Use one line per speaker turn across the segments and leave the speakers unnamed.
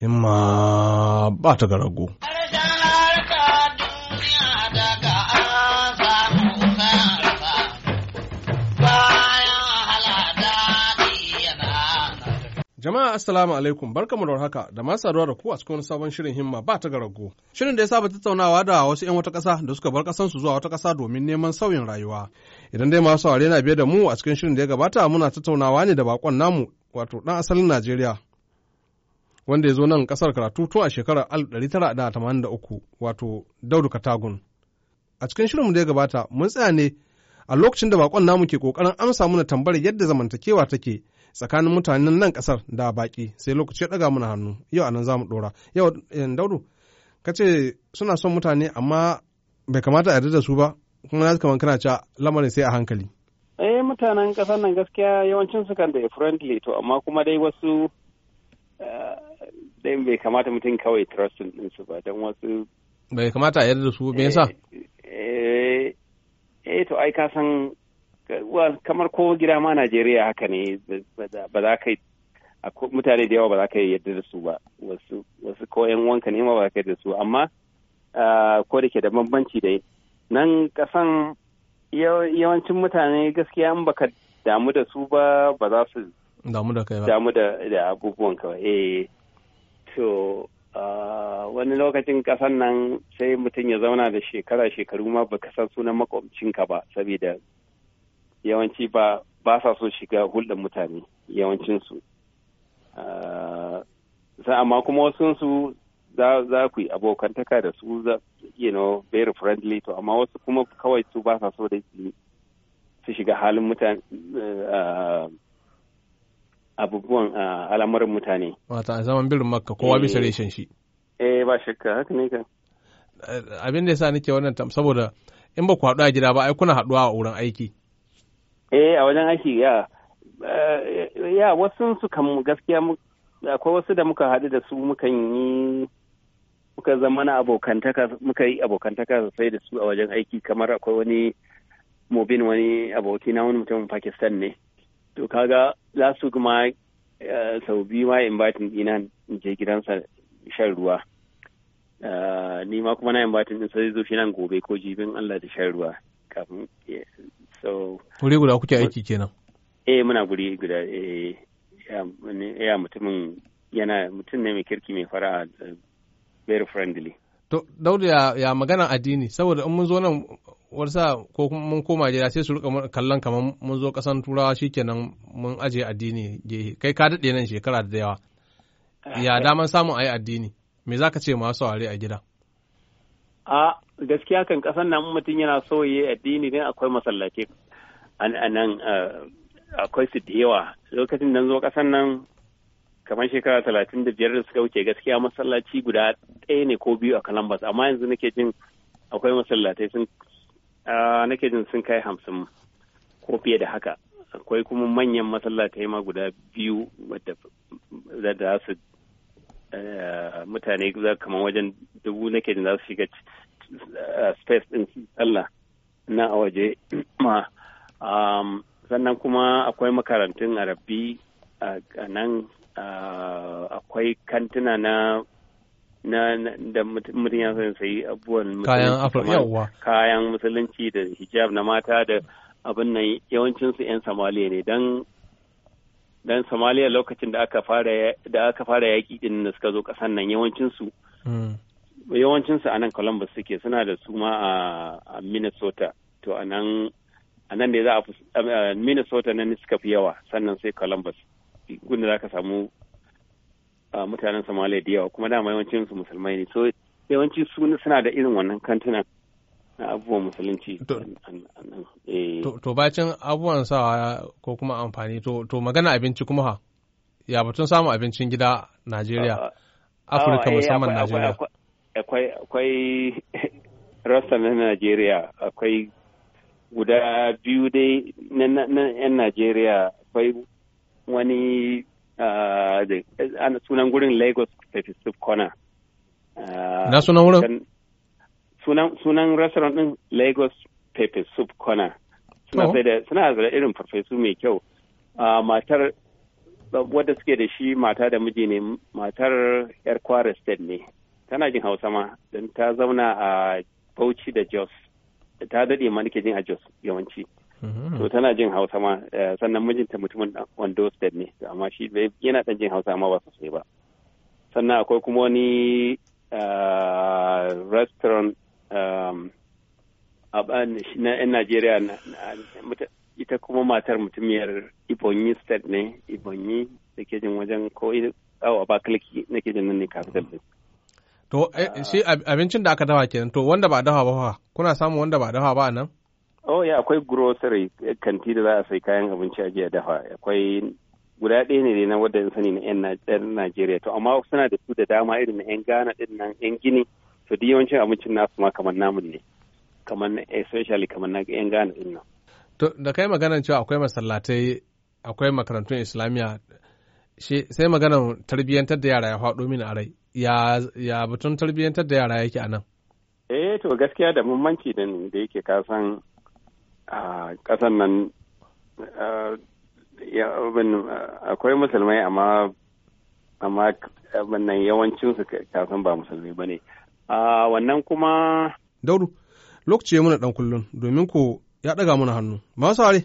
himma ba ta ga rago. Jama'a Assalamu alaikum barkamu da warhaka da ma saduwa da ku a cikin sabon shirin himma ba ta garago. Shirin da ya saba tattaunawa da wasu 'yan wata ƙasa da suka bar ƙasansu zuwa wata ƙasa domin neman sauyin rayuwa. Idan dai masu saurare na biye da mu a cikin shirin da ya gabata muna tattaunawa ne da bakon namu wato ɗan asalin Najeriya wanda ya zo nan kasar karatu tun a shekarar 1983 wato Daudu Katagun. A cikin shirinmu da ya gabata mun tsaya ne a lokacin da bakon namu ke kokarin amsa muna tambayar yadda zamantakewa take tsakanin mutanen nan kasar da baki sai lokaci ya daga muna hannu yau anan zamu dora yau eh, Daudu ka ce suna son mutane amma bai kamata a yarda da su ba kuma na kamar kana ca lamarin sai a hankali.
Eh mutanen kasar nan gaskiya yawancin su kan da friendly to amma kuma dai wasu ɗayan eh, bai kamata mutum kawai trustin ɗinsu ba don wasu
bai kamata a yarda da su me yasa
eh, eh, eh to ai ka san kamar ko gida ma Najeriya haka ne ba za ka mutane da yawa ba za ka yarda da su ba wasu wasu ko ƴan wanka ne ma ba za ka yarda da su amma ah, ko da ke da bambanci dai nan kasan yawancin mutane gaskiya in baka damu da su ba ba za su
damu da kai ba damu
da da abubuwan kawai eh to wani lokacin kasan nan sai mutum ya zauna da shekara shekaru ma baka san sunan ka ba saboda yawanci ba ba sa so shiga hulɗar mutane yawancinsu amma kuma wasunsu za ku abokantaka da su you know very friendly to amma wasu kuma kawai su ba sa so da su shiga halin mutane abubuwan al'amuran mutane.
Wata a zaman birnin makka kowa bisa eh. reshen shi.
Eh ba shakka haka ne kan.
Eh, abin da yasa nake wannan saboda in ba ku haɗu a gida ba ai kuna haɗuwa a wurin aiki.
Eh a wajen aiki ya eh, ya wasu su kan gaskiya akwai wasu da muka haɗu da su muka yi muka zama na abokantaka muka yi abokantaka sosai da su a wajen aiki kamar akwai wani mobin wani aboki na wani mutumin Pakistan ne. to kaga last week ma eh, sau biyu ma inviting ina in je gidansa shan ruwa eh, ni ma kuma na inviting din sai zo shi nan gobe ko jibin Allah da shan ruwa kafin so
wuri guda kuke aiki kenan
eh muna guri guda eh ya mutumin yana mutum ne mai kirki mai fara'a eh, very friendly
To, Dauda ya, ya magana addini, saboda in mun zo nan wasa ko mun koma gida sai su rika kallon kamar mun zo kasan turawa shikenan mun aje addini gehe kai ka daɗe nan shekara da yawa ya eh. daman samun ayi addini me za ka ce ma saurare a gida
a gaskiya kan kasan nan mutum yana so yi addini ne akwai masallaci a anan akwai su lokacin nan zo kasan nan kamar shekara talatin da biyar da suka wuce gaskiya masallaci guda ɗaya ne ko biyu a kalambas amma yanzu nake jin akwai masallatai Ah, nake jin sun kai hamsin ko fiye da haka akwai kuma manyan masallatai ma guda biyu wadda za su eh, mutane za kamar wajen dubu nake jin za su shiga eh, space din sallah na a waje ma sannan kuma akwai makarantun arabi a nan ah, akwai kantuna na na da mutum ya san sayi abubuwan kayan afirka kayan musulunci da hijab na mata da abin nan yawancinsu 'yan samaliya ne dan dan samaliya lokacin da aka fara da aka fara yaki din da suka zo kasan nan yawancinsu hmm. yawancinsu a nan columbus suke suna da su ma a minnesota to a nan a nan ne za a minnesota nan suka fi yawa sannan sai columbus gunda za ka samu mutanen Somalia da yawa kuma dama yawancin su musulmai ne so yawanci su suna da irin wannan kantunan na abubuwan musulunci to eh.
bacin abubuwan sawa ko kuma amfani to magana abinci kuma ha ya batun samun abincin gida Najeriya Afirka eh, musamman Najeriya
akwai rasta na Najeriya akwai guda biyu dai na 'yan Najeriya akwai wani ana ah, ah, sunan gurin Lagos Festive Corner. Ah, Na sunan wurin? Sunan restaurant ɗin Lagos Pepe Soup Corner. Suna sai da suna da irin farfesu mai kyau. Matar wadda suke da shi mata da miji ne matar yar Kwara State ne. Tana jin Hausa ma don ta zauna a Bauchi da Jos. Ta daɗe ma nake jin a Jos yawanci. Mm-hmm. to tana jin hausa ma eh, sannan mijinta mutumin wando state ne amma shi yana ɗan jin hausa amma ba sosai ba sannan akwai kuma wani eh, restaurant um, na 'yan najeriya ita kuma matar mutumiyar ibonyi state ne ibonyi da ke jin wajen ko awa ba kliki na ke jin nan ne capital
to eh, shi abincin da aka dawa kenan to wanda ba dawa ba kuna samun wanda ba dawa ba nan
Oh ya akwai grocery eh, kanti da za a sai kayan abinci a jiya dafa akwai guda ɗaya ne na wadda in sani na 'yan Najeriya to amma suna da su da dama irin na 'yan Ghana ɗin nan 'yan Gini to duk yawancin abincin nasu ma kamar namun ne kamar especially kamar na 'yan Ghana ɗin nan.
To da kai maganan cewa akwai masallatai akwai makarantun Islamiyya sai maganan tarbiyyantar da yara ya faɗo mini a rai ya batun tarbiyyantar da yara yake a nan.
Eh to gaskiya da muhimmanci da yake san. a nan akwai musulmai amma amma wannan yawancinsu kasan ba musulmi ba ne wannan kuma
dauru lokaci ya muna dan kullum domin ko ya ɗaga mana hannu masu are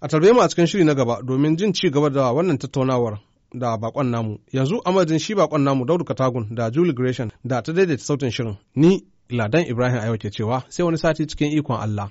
a tarbe mu a cikin shiri na gaba domin jin ci gaba da wannan tattaunawar da bakon namu yanzu amadin shi bakon namu daudu katagun da julie gresham da ta daidaita sautin shirin ni ladan ibrahim ayo ke cewa sai wani sati cikin ikon allah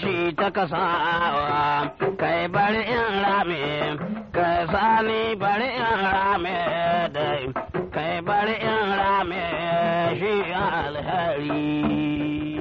shi ta kasawa kai bari in rame kai sani bari in rame dai kai bari in rame shi alhari.